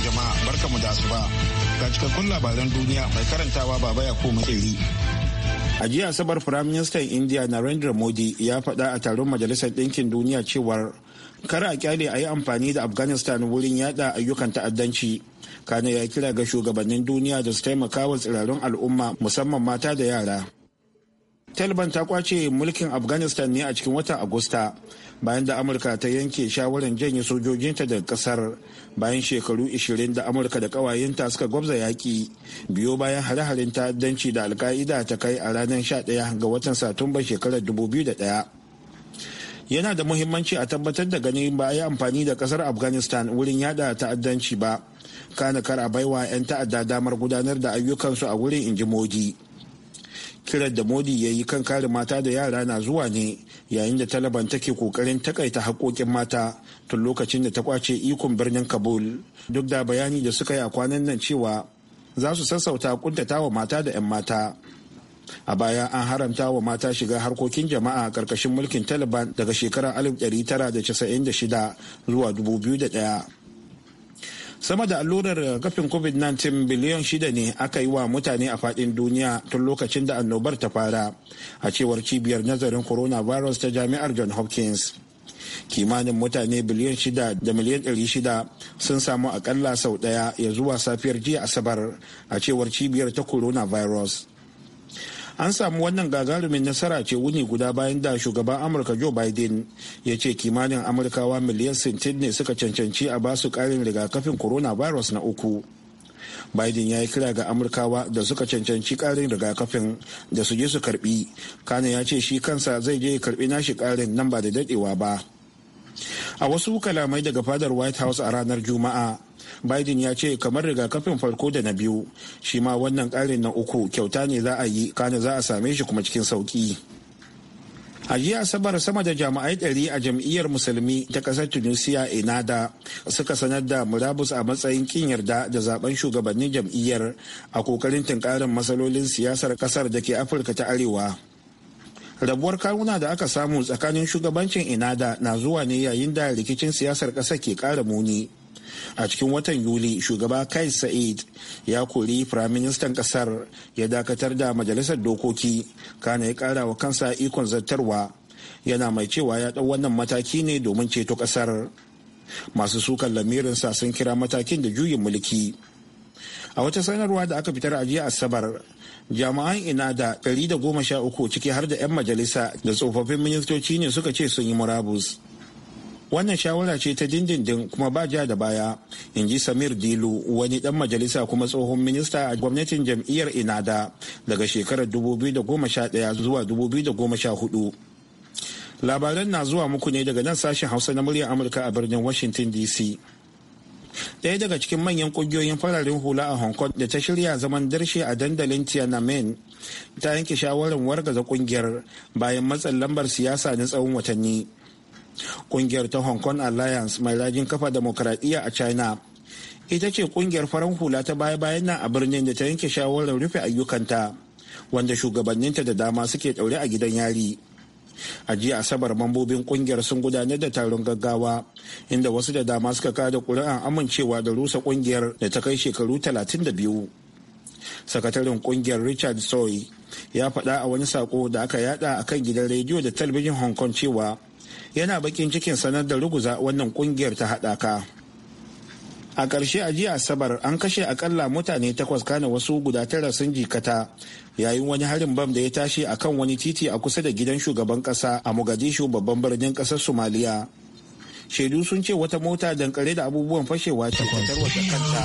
jama'a barkamu da asuba ga cikakkun labaran duniya mai karantawa baba ya koma tsiri. A jiya Asabar Firaministan India Narendra Modi ya faɗa a taron Majalisar Ɗinkin Duniya cewar kar a kyale a yi amfani da Afghanistan wurin yaɗa ayyukan ta'addanci. kana ya kira ga shugabannin duniya da su taimaka wa tsirarun al'umma musamman mata da yara. taliban ta kwace mulkin afghanistan ne a cikin watan agusta bayan da amurka ta yanke shawarar janye sojojinta daga kasar bayan shekaru 20 da amurka da kawayenta suka gwabza yaƙi biyo bayan hare-haren ta'addanci da alka'ida ta kai a ranar 11 ga watan satumbar shekarar 2001 yana da muhimmanci a tabbatar da ganin ba a yi amfani da kasar afghanistan wurin yada ta'addanci ba kana kar a baiwa 'yan ta'adda damar gudanar da ayyukansu a wurin inji modi kiran da modi ya yi kan kare mata da yara na zuwa ne yayin da taliban take kokarin takaita haƙoƙin mata tun lokacin da ta kwace ikon birnin kabul duk da bayani da suka yi a kwanan nan cewa za su sassauta kuntata wa mata da 'yan mata a baya an haramta wa mata shiga harkokin jama'a a karkashin mulkin taliban daga shekarar 1996 zuwa 2001 sama da allurar kafin covid-19 biliyan shida ne aka yi wa mutane a fadin duniya tun lokacin da annobar ta fara a cewar cibiyar nazarin coronavirus ta jami'ar john hopkins kimanin mutane biliyan shida da miliyan ɗari shida sun samu akalla sau ɗaya ya zuwa safiyar jiya asabar a cewar cibiyar ta coronavirus an samu wannan gagarumin nasara ce wuni guda bayan da shugaban amurka joe biden ya ce kimanin amurkawa miliyan 60 ne suka cancanci a basu karin rigakafin corona virus na uku biden ya yi kira ga amurkawa da suka cancanci karin rigakafin da su je su karbi kana ya ce shi kansa zai je karbi nashi karin nan ba da dadewa ba a wasu kalamai daga fadar white house a ranar juma'a biden ya ce kamar rigakafin farko da na biyu shi ma wannan karin na uku kyauta ne za a yi kana za a same shi kuma cikin sauki a jiya asabar sama da jami'ai ɗari a jam'iyyar musulmi ta ƙasar tunisia inada suka sanar da murabus a matsayin kin yarda da zaben shugabannin jam'iyyar a kokarin tunkarin matsalolin siyasar ƙasar da ke afirka ta arewa rabuwar kawuna da aka samu tsakanin shugabancin inada na zuwa ne yayin da rikicin siyasar ƙasar ke ƙara muni a cikin watan yuli shugaba kai sa'id ya kori firaministan kasar ya dakatar da majalisar dokoki kana ya kara wa kansa ikon zartarwa yana mai cewa ya ɗau wannan mataki ne domin ceto kasar masu sukan lamirinsa sun kira matakin da juyin mulki a wata sanarwa da aka fitar a jiya asabar jami'an ina da 113 ciki har da 'yan majalisa da tsofaffin ministoci ne suka ce sun yi murabus wannan shawara ce ta dindindin kuma ba ja da baya in ji samir dilu wani dan majalisa kuma tsohon minista a gwamnatin jam'iyyar inada daga shekarar 2011 zuwa 2014 labaran na zuwa muku ne daga nan sashen hausa na muryar amurka a birnin washington dc daya daga cikin manyan kungiyoyin fararen hula a hong kong da ta shirya zaman darshe a dandalin tiananmen ta yanke shawarar wargaza kungiyar bayan matsin lambar siyasa na tsawon watanni Kungiyar ta Hong Kong Alliance mai rajin kafa demokradiyya a China ita ce kungiyar farar hula ta baya-bayan nan a birnin da ta yanke shawarar rufe ayyukanta wanda shugabanninta da dama suke ɗaure a gidan yari. a jiya asabar mambobin kungiyar sun gudanar da taron gaggawa inda wasu da dama suka kada kuri'an amincewa da rusa kungiyar da ta kai shekaru 32 sakataren kungiyar richard soy ya faɗa a wani sako da aka yada a kan gidan rediyo da talabijin hong kong cewa yana bakin cikin sanar da ruguza wannan kungiyar ta haɗaka a ƙarshe a jiya asabar an kashe akalla mutane takwas kana wasu guda tara sun jikata yayin wani harin bam da ya tashi a kan wani titi a kusa da gidan shugaban ƙasa a mogadishu babban birnin ƙasar somaliya shaidu sun ce wata mota dankare da abubuwan fashewa ce kwantar wata kanta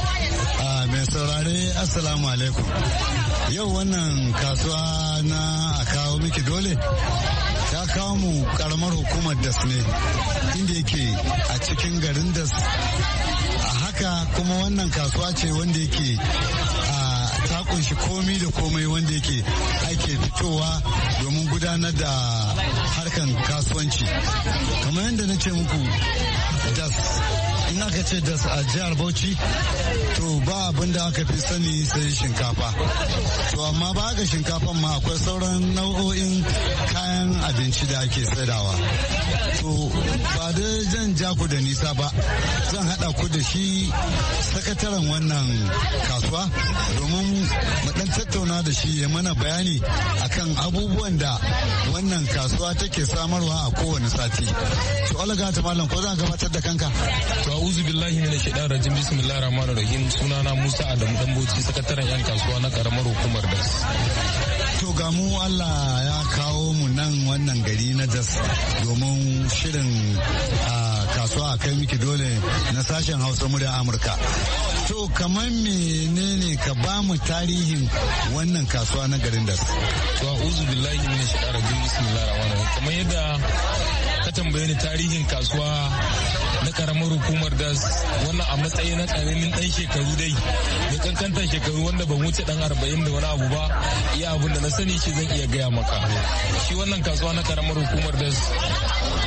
mai saurare assalamu alaikum yau wannan kasuwa na a kawo miki dole ta kawo mu karamar hukumar das ne inda yake a cikin garin das a haka kuma wannan kasuwa ce wanda yake ta kunshi komi da komai wanda yake ake fitowa domin gudanar da harkan kasuwanci kamar yadda na ce muku das in aka ce da a jihar bauchi to ba abin da aka fi sani sai shinkafa to amma ba ga shinkafan ma akwai sauran nau'o'in kayan abinci da ake saidawa to ba da zan ja ku da nisa ba zan hada ku da shi sakataren wannan kasuwa domin mu dan tattauna da shi ya mana bayani akan abubuwan da wannan kasuwa take samarwa a kowane sati to alaga ta malam ko zan gabatar da kanka to A'udhu billahi minash shaitanir rajim bismillahir rahmanir rahim sunana Musa Adamu boci sakataren yan kasuwa na karamar hukumar DAS. To ga mu Allah ya kawo mu nan wannan gari na DAS domin shirin kasuwa a kai miki dole na sashen Hausa mu da Amurka. To kamar menene ka ba mu tarihin wannan kasuwa na garin DAS? To a'udhu billahi minash shaitanir rajim bismillahir rahmanir rahim kamar yadda ka tambaye ni tarihin kasuwa na karamar hukumar da wannan a matsayi na karamin dan shekaru dai da kankanta shekaru wanda ban wuce dan arba'in da wani abu ba iya abin da na sani shi zan iya gaya maka shi wannan kasuwa na karamar hukumar da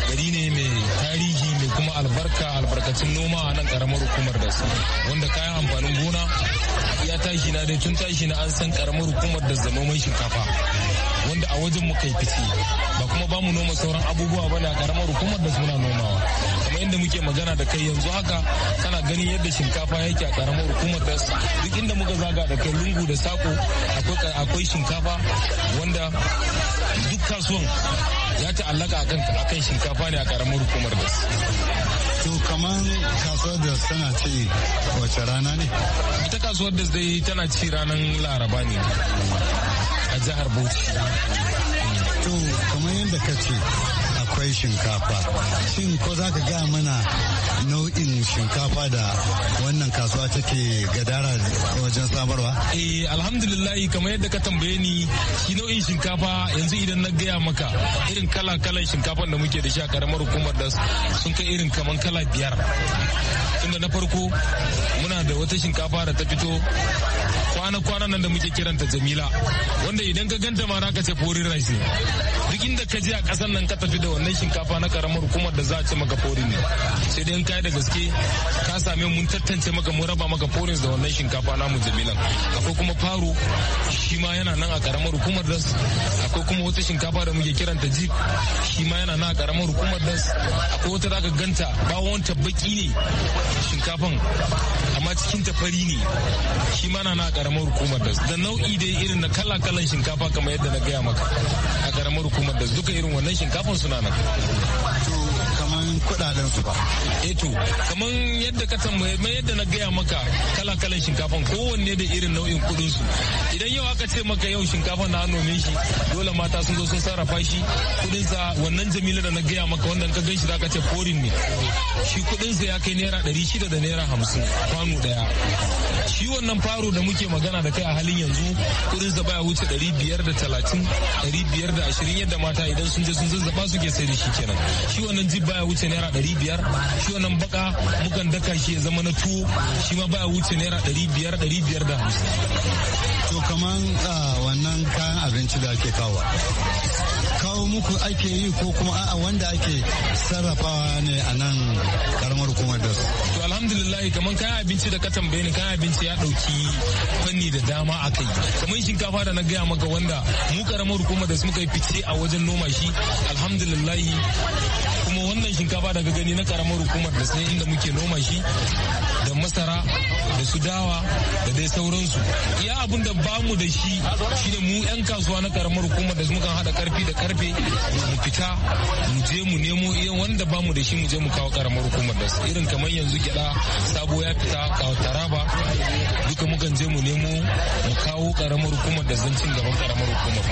gari ne mai tarihi mai kuma albarka albarkacin noma a nan karamar hukumar da wanda kayan amfanin gona ya tashi na dai tun tashi na an san karamar hukumar da zama shinkafa wanda a wajen mu kai fice ba kuma ba mu noma sauran abubuwa ba na karamar hukumar da suna nomawa inda muke magana da kai yanzu haka kana ganin yadda shinkafa yake a karamar hukumar da duk inda muka zaga da kai lungu da sako akwai shinkafa wanda duk kasuwan ya ta'allaka akan shinkafa ne a karamar hukumar da to kamar kasuwar da tana ce wace rana ne ita kasuwar da dai tana ci ranar laraba ne a jihar bauchi to kamar yadda ka ce kwai shinkafa shin ko za ka gaya mana nau'in shinkafa da wannan kasuwa take gadara wajen samarwa eh alhamdulillah kamar yadda ka tambaye ni shi nau'in shinkafa yanzu idan na gaya maka irin kala kalan shinkafan da muke da shi a karamar hukumar da sun kai irin kaman kala biyar tunda na farko muna da wata shinkafa da ta fito kwana-kwanan nan da muke kiranta jamila wanda idan ka ganta ma ka ce forin rice ne duk inda ka je a kasan nan ka tafi da wannan shinkafa na karamar hukumar da za a ce maka forin ne sai dai in kai da gaske ka same mun tantance maka mun raba maka forin da wannan shinkafa na mu jamila akwai kuma faro shi ma yana nan a karamar hukumar das akwai kuma wata shinkafa da muke kiranta jeep shi ma yana nan a karamar hukumar das akwai wata zaka ganta bawon ta baki ne shinkafan amma cikin ta fari ne shi mana na karamar hukumar da da nau'i da irin na kala kalan shinkafa kamar yadda na gaya maka a karamar hukumar da duka irin wannan shinkafan suna nan kudaden su ba eto eh kaman yadda ka tambaye yadda na gaya maka kala kalan shinkafan kowanne da irin nau'in kudin su idan yau aka ce maka yau shinkafan na nome shi dole mata sun zo sun sarrafa shi kudin sa wannan jamila da na gaya maka wanda ka gan shi zaka ce forin ne shi kudin sa ya kai naira 600 da naira 50 kwano daya shi wannan faro da muke magana da kai a halin yanzu kudin sa baya wuce 530 520 yadda mata idan sun je sun zazzaba suke sai da shi kenan shi wannan jib baya wuce naira ɗari biyar shi wannan baka mukan daka shi ya zama na tuwo shi ma baya wuce naira ɗari biyar ɗari biyar da hamsin. to kaman ah, wannan kayan abinci da ake kawo kawo muku ake yi ko kuma a'a wanda ake sarrafawa ne a nan karamar hukumar da to alhamdulillah kaman kayan abinci da ka tambaye ni kayan abinci ya ɗauki fanni da dama a kai kaman shinkafa da na gaya maka wanda mu karamar hukumar da muka yi fice a wajen noma shi alhamdulillah wannan shinkafa daga gani na karamar hukumar da sai inda muke noma shi da masara da su dawa da dai sauransu ya abin da ba mu da shi shine mu 'yan kasuwa na karamar hukumar da muka hada karfi da karfe mu fita mu je mu nemo iya wanda ba mu da shi mu je mu kawo karamar hukumar da su irin kamar yanzu gyada sabo ya fita kawo taraba duka mukan je mu nemo mu kawo karamar hukumar da zancin gaban karamar hukumar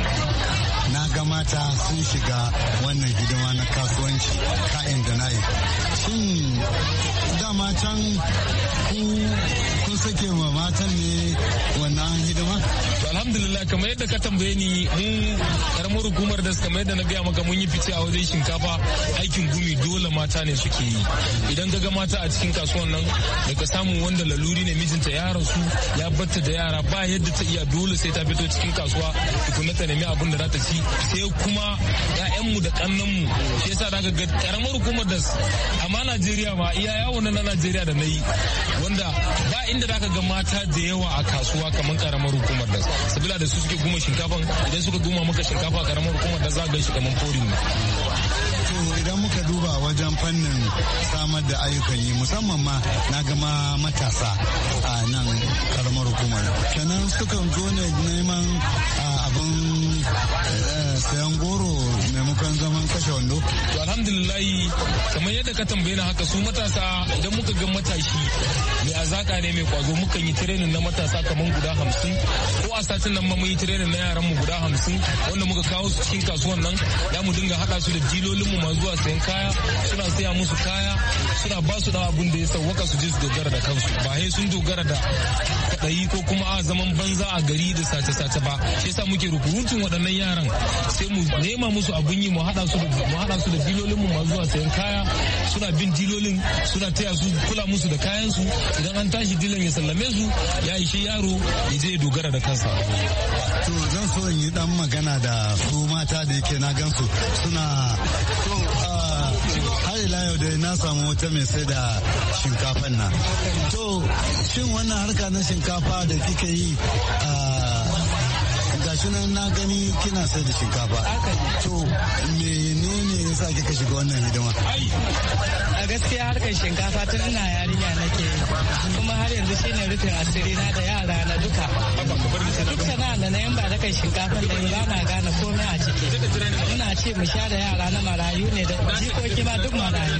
na ga mata sun shiga wannan hidima na kasuwanci ka'in da na'in shin dama can kun sake ma matan ne wannan hidima alhamdulillah kamar yadda ka tambaye ni mu karamar hukumar da kamar yadda na gaya maka mun yi fice a wajen shinkafa aikin gumi dole mata ne suke yi idan ka ga mata a cikin kasuwan nan daga samun wanda laluri ne mijinta ya rasu ya batta da yara ba yadda ta iya dole sai ta fito cikin kasuwa tukuna ta nemi abin da za ta ci sai kuma mu da kannanmu shi yasa da ga karamar hukumar da amma Najeriya ma iya yawo na Najeriya da na yi wanda ba inda da ka ga mata da yawa a kasuwa kamar karamar hukumar kabila da su suke guma shinkafan idan suka guma maka shinkafa karamar hukumar da za shi kamar forin ne to idan muka duba wajen fannin samar da ayyukan yi musamman ma na gama matasa a nan karamar hukumar kenan sukan zo ne neman abin eh, sayan goro sakamakon zaman kashe wando? To alhamdulillah kamar yadda ka tambaye na haka su matasa idan muka ga matashi mai azaka ne mai kwazo muka yi tirenin na matasa kamar guda hamsin ko a satin nan ma mun yi tirenin na yaran mu guda hamsin wanda muka kawo su cikin kasuwan nan za mu dinga haɗa su da dilolin mu masu zuwa sayan kaya suna saya musu kaya suna ba su da abun da ya sauwaka su je su dogara da kansu ba sai sun dogara da kwaɗayi ko kuma a zaman banza a gari da sace-sace ba shi yasa muke rukurutun waɗannan yaran sai mu nema musu abun yi mu haɗa su mu hada su da dilolin mu masu zuwa sayan kaya suna bin dilolin suna taya su kula musu da kayan su idan an tashi dilan ya sallame su ya ishe yaro ya je dogara da kansa to zan so in yi dan magana da su mata da yake na gansu suna ila yau da na samu wata mai sai da shinkafan na to shin wannan harka na shinkafa da kika yi gashi nan na gani kina sai da shinkafa to menene sa kika shiga wannan hidima a gaskiya harkar shinkafa tun ina yarinya nake kuma har yanzu shi ne rufin asiri na da yara na duka duk sana'a da na yan ba da kai shinkafa da ba na gane komai a ciki muna ce mu sha da yara na marayu ne da jikoki ma duk marayu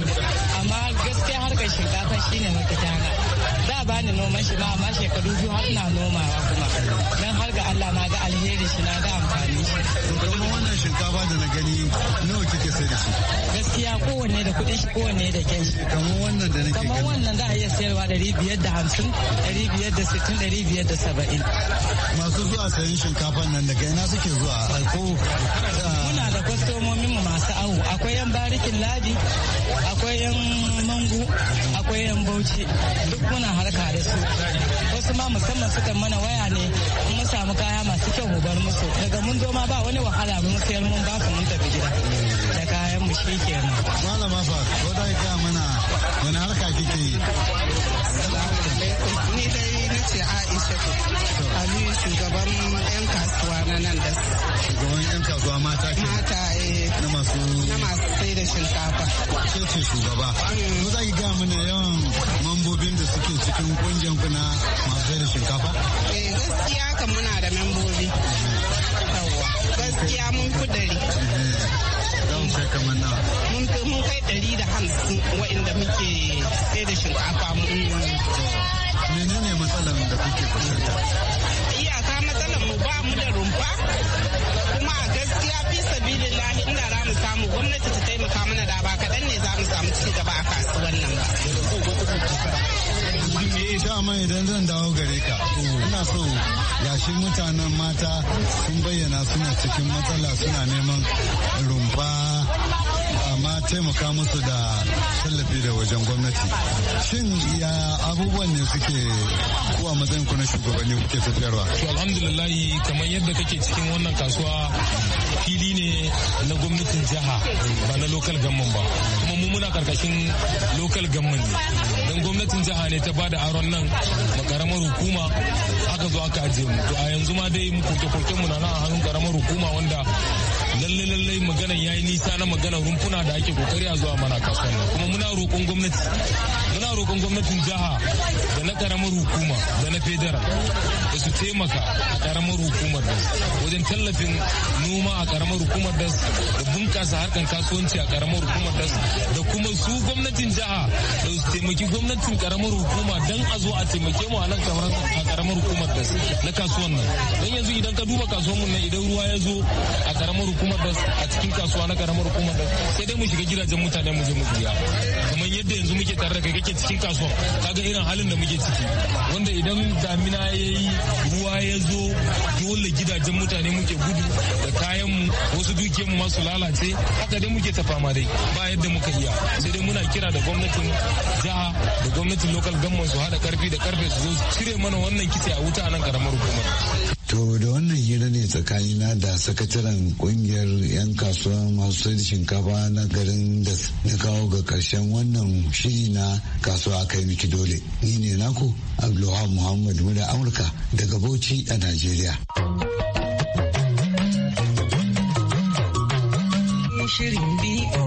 amma gaskiya kai shinkafa shine mafita na da ba ni noman shi ba amma shekaru biyu har na nomawa kuma dan har ga Allah na ga alheri shi na ga amfani shi ba da na gani nawa kike sai da shi gaskiya kowanne da kuɗin shi kowanne da kyan shi kamar wannan da nake kamar wannan za a iya sayarwa ɗari biyar da hamsin ɗari biyar da sittin ɗari biyar da saba'in masu zuwa sayan shinkafa nan daga ina suke zuwa ko ah, muna da kwastomomin mu masu awo akwai yan barikin ladi akwai yan mangu akwai yan bauchi duk muna harka da su wasu ma musamman sukan mana waya ne samu kaya masu kyau mu bar musu daga mun zo ma ba wani wahala mun sayar mun ba su mun tafi gida da kayan mu shi kenan malama fa ko da ka mana wani harka kike yi ni dai ce a isa ku ali shugaban 'yan kasuwa na nan da shugaban 'yan kasuwa mata ke mata eh na masu na masu mai shinkafa. Wace ce shugaba? Ko za ki ga mana yawan mambobin da suke cikin kungiyar ku na masu da shinkafa? Eh gaskiya kan muna da membobi. Gaskiya mun fi dari. Yawan kai kamar mun kai dari da hamsin wa'inda muke sai da shinkafa mun. Menene matsalar da kuke fuskanta? Iyaka matsalar mu ba mu da rumfa kuma gaskiya fi sabilillahi ina mu samu gwamnati ta taimaka mana da ba kaɗan ne za mu samu ci gaba a kasuwan nan ba. Eh, dama idan zan dawo gare ka ina so yashi mutanen mata sun bayyana suna cikin matsala suna neman rumfa amma taimaka musu da tallafi da wajen gwamnati shin ya abubuwan ne suke kuwa matsayin kuna shugabanni kuke tafiyarwa to alhamdulillah kamar yadda kake cikin wannan kasuwa fili ne na gwamnatin jiha ba na local gamman ba kuma mu muna karkashin lokal gamman ne don gwamnatin jiha ne ta ba da aron nan karamar hukuma aka zo aka ajiye mu to a yanzu ma dai mu koke mu na nan a hannun karamar hukuma wanda lalle lalle maganar yayi nisa na maganar rumfuna da ake kokari a zuwa mana kasuwan kuma muna roƙon gwamnati muna roƙon gwamnatin jiha da na karamar hukuma da na federal da su taimaka a karamar hukumar da wajen tallafin noma a karamar hukumar da da bunƙasa harkar kasuwanci a karamar hukumar da da kuma su gwamnatin jiha da su taimaki gwamnatin karamar hukuma don a zo a taimake mu a nan kamar a karamar hukumar da na kasuwan nan don yanzu idan ka duba kasuwan mu nan idan ruwa ya zo a karamar hukumar da a cikin kasuwa na karamar hukumar da sai dai mu shiga gidajen mutane mu je mu biya yadda yanzu muke tare da kai kake cikin kasuwa kaga irin halin da muke ciki wanda idan damina ya yi ruwa ya zo dole gidajen mutane muke gudu da kayan mu wasu dukiyar mu masu lalace haka dai muke ta fama dai ba yadda muka iya sai dai muna kira da gwamnatin jiha da gwamnatin lokal government su haɗa karfi da karfe su zo cire mana wannan kitse a wuta a nan karamar hukumar To da wannan hira ne tsakanina da sakataren kungiyar 'yan kasuwa masu sai da shinkafa na garin da na kawo ga karshen wannan shiri na kasuwa kai miki dole. Ni ne naku Abdulwahab Muhammad Muda Amurka daga Bauchi a Najeriya. Shirin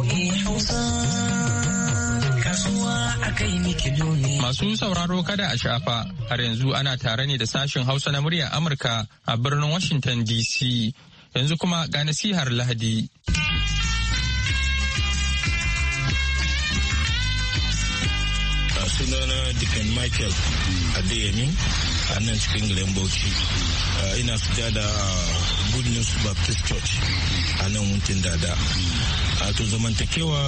Masu sauraro kada a shafa, har yanzu ana tare ne da sashen Hausa na muryar Amurka a birnin Washington DC. Yanzu kuma ga nasihar Lahadi. sunana Dickon Michael Adeyemi a nan cikin Glen Bauchi. Ina sujada a Good News Baptist Church a nan Wuntin Dada. a to zamantakewa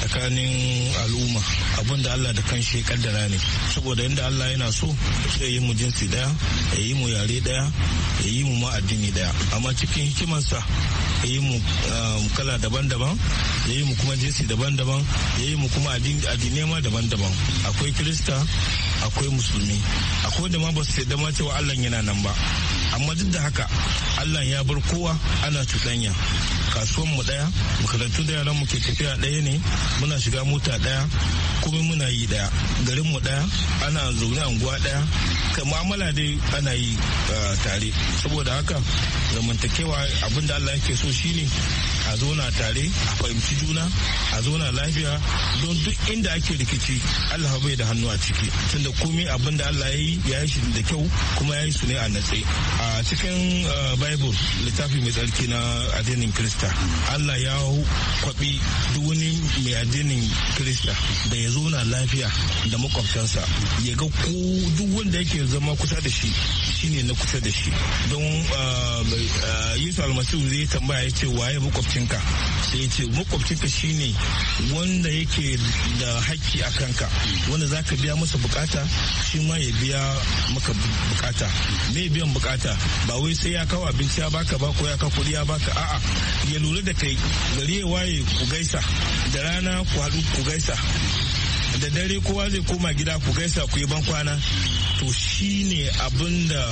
tsakanin al'umma abun da Allah da kan ya kaddara ne saboda inda Allah yana so sai yi mu jinsi daya ya yi mu yare daya ya yi mu ma addini daya amma cikin hikimansa ya yi mu ah, kala daban-daban ya yi mu kuma jinsi daban-daban ya yi mu kuma addini ma daban-daban akwai kirista akwai musulmi akwai da ma ba su yadda ma cewa Allah yana nan ba amma duk da haka Allah ya bar kowa ana cuɗanya kasuwan mu daya makarantu da yaran mu ke tafiya daya ne muna shiga mota daya kuma muna yi daya garin mu daya ana zaune anguwa daya ka mu'amala dai ana yi tare saboda haka zamantakewa abin da Allah yake so shine a zauna tare a fahimci juna a zauna lafiya don duk inda ake rikici Allah bai da hannu a ciki tunda komai abin da Allah ya yi ya yi shi da kyau kuma ya yi su ne a natse a cikin bible littafi mai tsarki na addinin kirista kirista allah ya kwabi duk wani mai addinin kirista da ya zo na lafiya da makwabtansa ya ga ko duk wanda yake zama kusa da shi shine na kusa da shi don ah, ah, yesu almasihu zai tambaya ya ce waye makwabcinka sai ya ce makwabcinka shine wanda yake da haƙƙi a kanka wanda za ka biya masa bukata shi ma ya biya maka bukata me biyan bukata ba wai sai ya kawo abinci ya baka ba ko ya kawo kuɗi ya baka a'a ya lura da kai gari ya waye ku gaisa da rana ku haɗu ku gaisa da dare kowa zai koma gida ku gaisa ku yi bankwana to shi ne abin da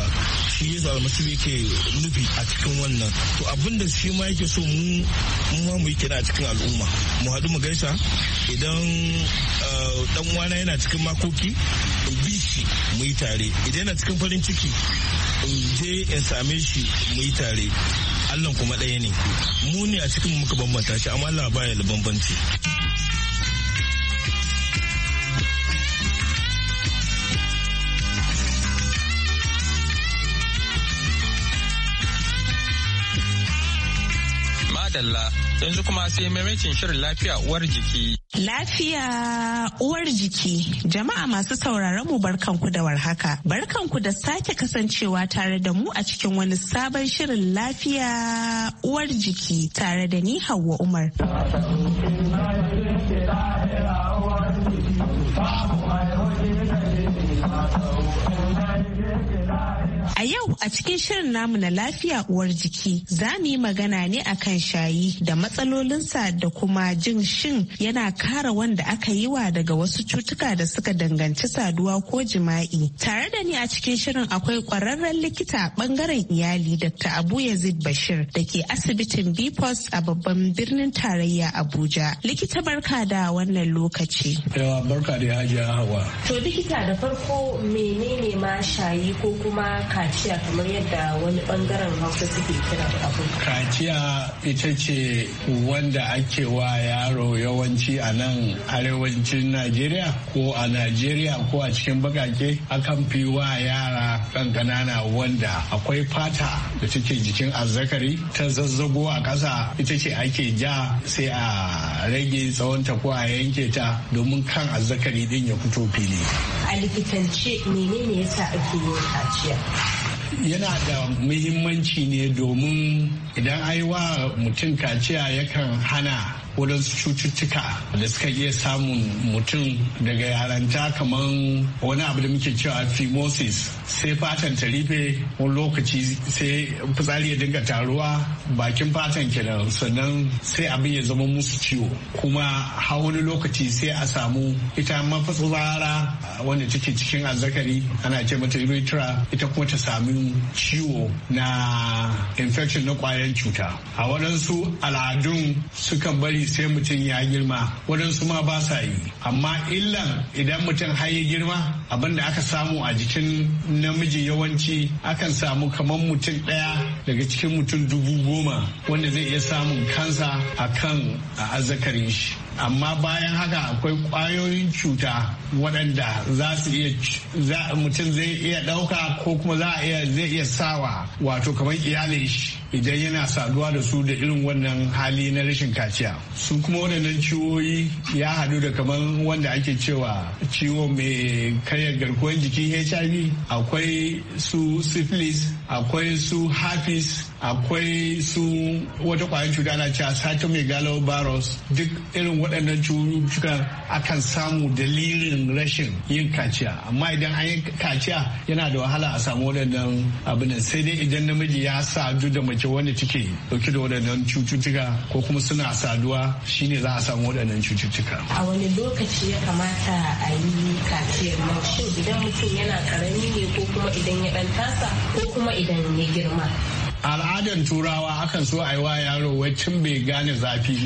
shi yesu almasu yake nufi a cikin wannan to abin da shi ma yake so mu ma mu yi kira a cikin al'umma mu haɗu mu gaisa idan dan eh, wana yana cikin makoki in bi shi mu yi tare idan yana cikin farin ciki in je in same shi mu yi tare Allah kuma ɗaya ne mu ne a cikin muka bambanta shi amma Allah baya da bambanci madalla yanzu kuma sai maimakin shirin lafiya uwar jiki. Lafiya uwar jiki jama'a masu sauraron mu barkanku da warhaka. Barkanku da sake kasancewa tare da mu a cikin wani sabon shirin lafiya uwar jiki tare da ni Hauwa Umar. A yau a cikin shirin namu na lafiya uwar jiki za mu yi magana ne akan shayi da matsalolinsa da kuma jin shin yana kara wanda aka yi wa daga wasu cutuka da suka danganci saduwa ko jima'i. Tare da ni a cikin shirin akwai kwararren likita bangaren iyali Dr. Abu Yazid Bashir da ke asibitin Bipos a babban birnin tarayya Abuja. Likita barka da wannan lokaci. Yawa barka da hajiya hawa. To likita da farko menene ma shayi ko kuma kaciya kamar yadda wani bangaren hausa suke kira abu kaciya ita ce wanda ake wa yaro yawanci a nan arewacin najeriya ko a najeriya ko a cikin bakake akan fi wa yara kan kanana wanda akwai fata da take jikin azzakari ta zazzago a ƙasa ita ce ake ja sai a rage tsawonta ko a yanke ta domin kan azzakari din ya fito fili a likitance menene yasa ake yin kaciya yana da muhimmanci ne domin idan aiwa mutum kaciya yakan hana wadansu cututtuka da suka iya samun mutum daga yaranta kamar wani abu da muke cewa phimosis sai fatan ta rife wani lokaci sai fitsari ya dinga taruwa bakin fatan kenan sannan sai abin ya zama musu ciwo kuma har wani lokaci sai a samu ita mafitsara wanda take cikin azzakari ana ce mata urethra ita kuma ta sami ciwo na infection na kwayan cuta a waɗansu al'adun sukan bari sai mutum ya girma waɗansu ma ba sa yi amma illan idan mutum har ya girma abin da aka samu a jikin namiji yawanci akan samu kamar mutum ɗaya daga cikin mutum dubu goma wanda zai iya samun kansa a kan azzakarin shi amma bayan haka akwai ƙwayoyin cuta waɗanda za su iya mutum zai iya ɗauka ko kuma za a iya zai iya sawa wato kamar iyalin shi idan yana saduwa da su da irin wannan hali na rashin kaciya su kuma waɗannan ciwoyi ya haɗu da kamar wanda ake cewa ciwo mai kai karya garkuwar jiki hiv akwai su syphilis akwai su herpes akwai su wata kwayar cuta ana cewa cytomegalovirus duk irin waɗannan cututtukan akan samu dalilin rashin yin kaciya amma idan an yi kaciya yana da wahala a samu waɗannan abin sai dai idan namiji ya sadu da mace wanda take dauke da waɗannan cututtuka ko kuma suna saduwa shine za a samu waɗannan cututtuka a wani lokaci ya kamata a yi kaciyar idan mutum yana karami ne ko kuma idan ya ɗan tasa ko kuma idan ya girma al'adar turawa akan so a yi wa yaro waccan bai gane zafi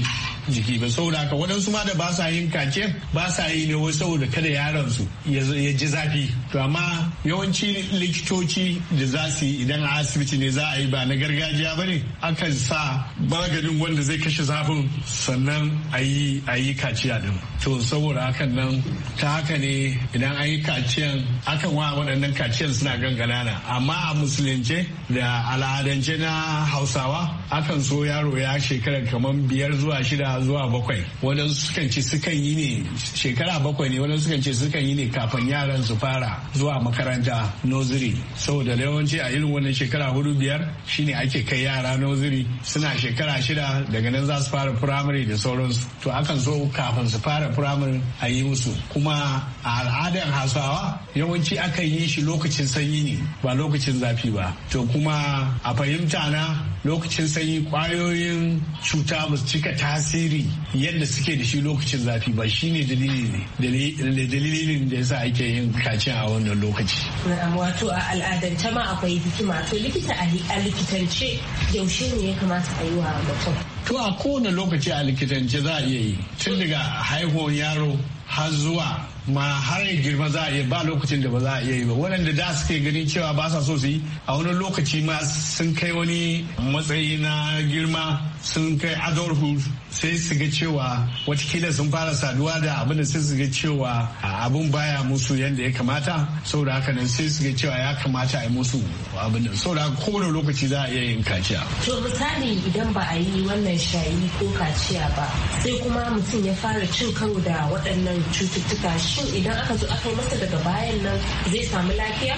jiki ba saboda haka waɗansu ma da ba sa yin kake ba sa yi ne wai saboda kada yaron su ya ji zafi to amma yawanci likitoci da za su yi idan a asibiti ne za a yi ba na gargajiya ba ne akan sa maganin wanda zai kashe zafin sannan a yi kaciya din to saboda hakan nan ta haka ne idan an yi kaciyan akan wa waɗannan kaciyan suna ganganana amma a musulunce da al'adance na hausawa akan so yaro ya shekara kamar biyar zuwa shida zuwa bakwai wadansu sukan ce sukan yi ne shekara bakwai ne wadansu sukan ce sukan yi ne kafin yaran su fara zuwa makaranta nursery saboda yawanci a irin wannan shekara hudu biyar shine ake kai yara nursery suna shekara shida daga nan za su fara primary da sauransu to akan so kafin su fara primary a yi musu kuma a al'adar hasawa yawanci akan yi shi lokacin sanyi ne ba lokacin zafi ba to kuma a fahimta na lokacin sanyi kwayoyin cuta ba cika tasiri yadda suke da shi lokacin zafi ba shine dalilin da yasa ake yin kaciya a wannan lokaci. Wato a al'adance ma akwai hikima to likita a likitance yaushe ne ya kamata a yi wa mutum. To a kowane lokaci a likitance za a iya yi tun daga haihuwar yaro har zuwa ma har ya girma za a iya ba lokacin da ba za a iya yi ba waɗanda da suke ganin cewa ba sa so su yi a wani lokaci ma sun kai wani matsayi na girma sun kai adulthood sai su ga cewa watakila sun fara saduwa da abin da sai su ga cewa abin baya musu yadda ya kamata saboda haka nan sai su ga cewa ya kamata a yi musu abin da saboda kowane lokaci za a iya yin kaciya. to misali idan ba a yi wannan shayi ko kaciya ba sai kuma mutum ya fara cin karo da waɗannan cututtuka shin idan aka zo aka yi masa daga bayan nan zai samu lafiya?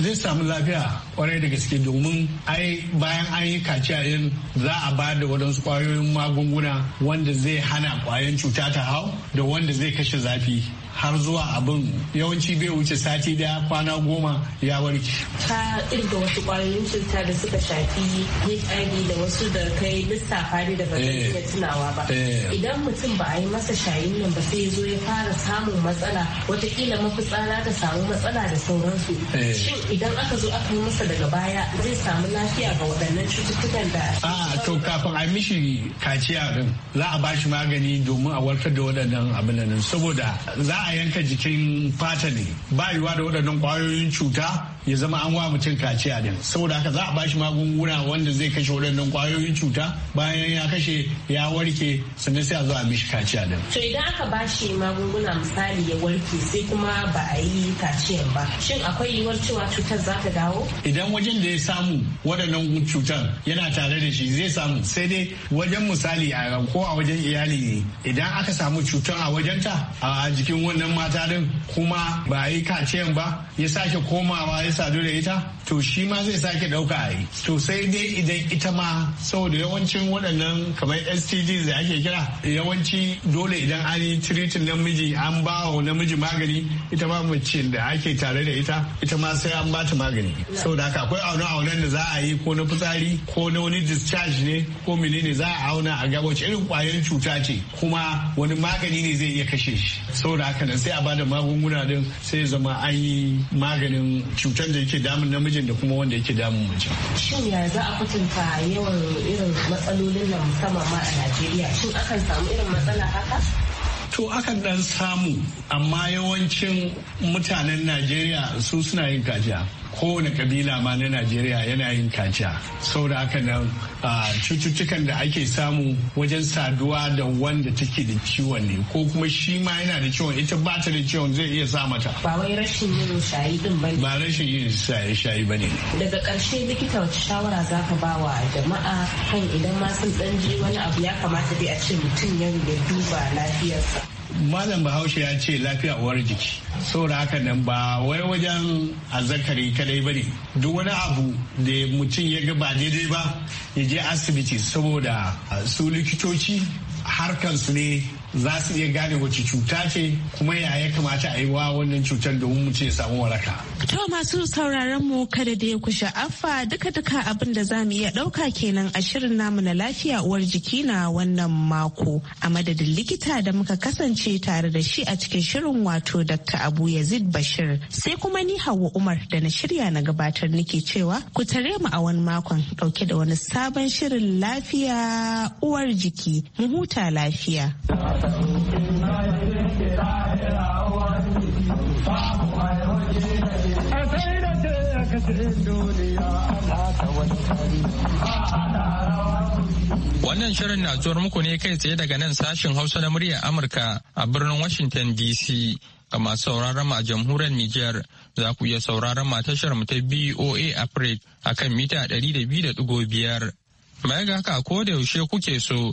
zai samu lafiya kwarai da gaske domin ai bayan an yi kaciya yin za a ba da waɗansu kwayoyin magunguna wanda zai hana kwayan cuta ta hau da wanda zai kashe zafi har zuwa abin yawanci bai wuce sati da kwana goma ya warke. Ka irga wasu kwayoyin cuta da suka shafi HIV da wasu da kai lissafa ne da ba iya eh. tunawa ba. Eh. Idan mutum ba a yi masa shayin nan ba sai ya zo ya fara samun matsala watakila mafitsara ta samu matsala da sauransu. Eh. Shin idan aka zo aka yi masa kansa daga baya zai samu lafiya ga waɗannan cututtukan da a to kafin a mishi kaciya din za a bashi magani domin a warkar da waɗannan abin saboda za a yanka jikin fata ne ba yiwa da waɗannan ƙwayoyin cuta ya zama an wa mutum kaciya din saboda haka za a bashi magunguna wanda zai kashe waɗannan kwayoyin cuta bayan ya kashe ya warke sannan sai a zo a mishi kaciya din. to idan aka bashi magunguna misali ya warke sai kuma ba a yi kaciyan ba shin akwai yiwuwar cewa cutar za ta dawo. idan wajen da ya samu waɗannan cutar yana tare da shi zai samu sai dai wajen misali a ko a wajen iyali ne idan aka samu cutar a wajenta a jikin wannan mata din kuma ba a yi kaciyan ba ya sake komawa sadu da ita to shi ma zai sake ɗauka a yi to sai dai idan ita ma saboda yawancin waɗannan kamar std da ake kira yawanci dole idan an yi tiritin namiji an ba wa namiji magani ita ma mace da ake tare da ita ita ma sai an bata magani saboda haka akwai auna aunan da za a yi ko na fitsari ko na wani discharge ne ko menene za a auna a ga wace irin kwayar cuta ce kuma wani magani ne zai iya kashe shi saboda haka nan sai a bada magunguna din sai zama an yi maganin cutar da yake damun namiji mijin da kuma wanda yake damun mace. Shin ya za a kwatanta yawan irin matsalolin nan musamman ma a Najeriya? Shin akan samu irin matsala haka? To akan dan samu amma yawancin mutanen Najeriya su suna yin kaciya. kowane kabila ma na najeriya yana yin kaciya sau da haka nan cututtukan da ake samu wajen saduwa da wanda take da ciwon ne ko kuma shi ma yana da ciwon ita ba ta da ciwon zai iya sa mata ba wai rashin yin shayi din bane ba rashin yin shayi shayi bane daga karshe likita wace shawara za ka ba wa jama'a kan idan ma sun danji wani abu ya kamata dai a ce mutum ya duba lafiyarsa malam bahaushe ya ce lafiya uwar jiki saboda haka nan ba wai wajen azzakari kadai ba ne duk wani abu da mutum ya ga ba daidai ba ya je asibiti saboda su likitoci harkansu ne za su iya gane wace cuta ce kuma ya ya kamata a yi wa wannan cutar domin mu ce samu waraka. To masu sauraron mu kada da ya kusha afa duka duka abin da za mu iya ɗauka kenan a shirin namu na lafiya uwar jiki na wannan mako a madadin likita da muka kasance tare da shi a cikin shirin wato Dr. Abu Yazid Bashir sai kuma ni Hauwa Umar da na shirya na gabatar nake cewa ku tare mu a wani makon ɗauke da wani sabon shirin lafiya uwar jiki mu huta lafiya. Wannan shirin na zuwar muku ne kai tsaye daga nan sashin Hausa na muryar Amurka a birnin Washington DC. Ga masu sauraron a jamhuriyar Nijar za ku iya sauraron ma tashar mu ta BOA Africa a kan mita 200.5. Baya ga haka ko da yaushe kuke so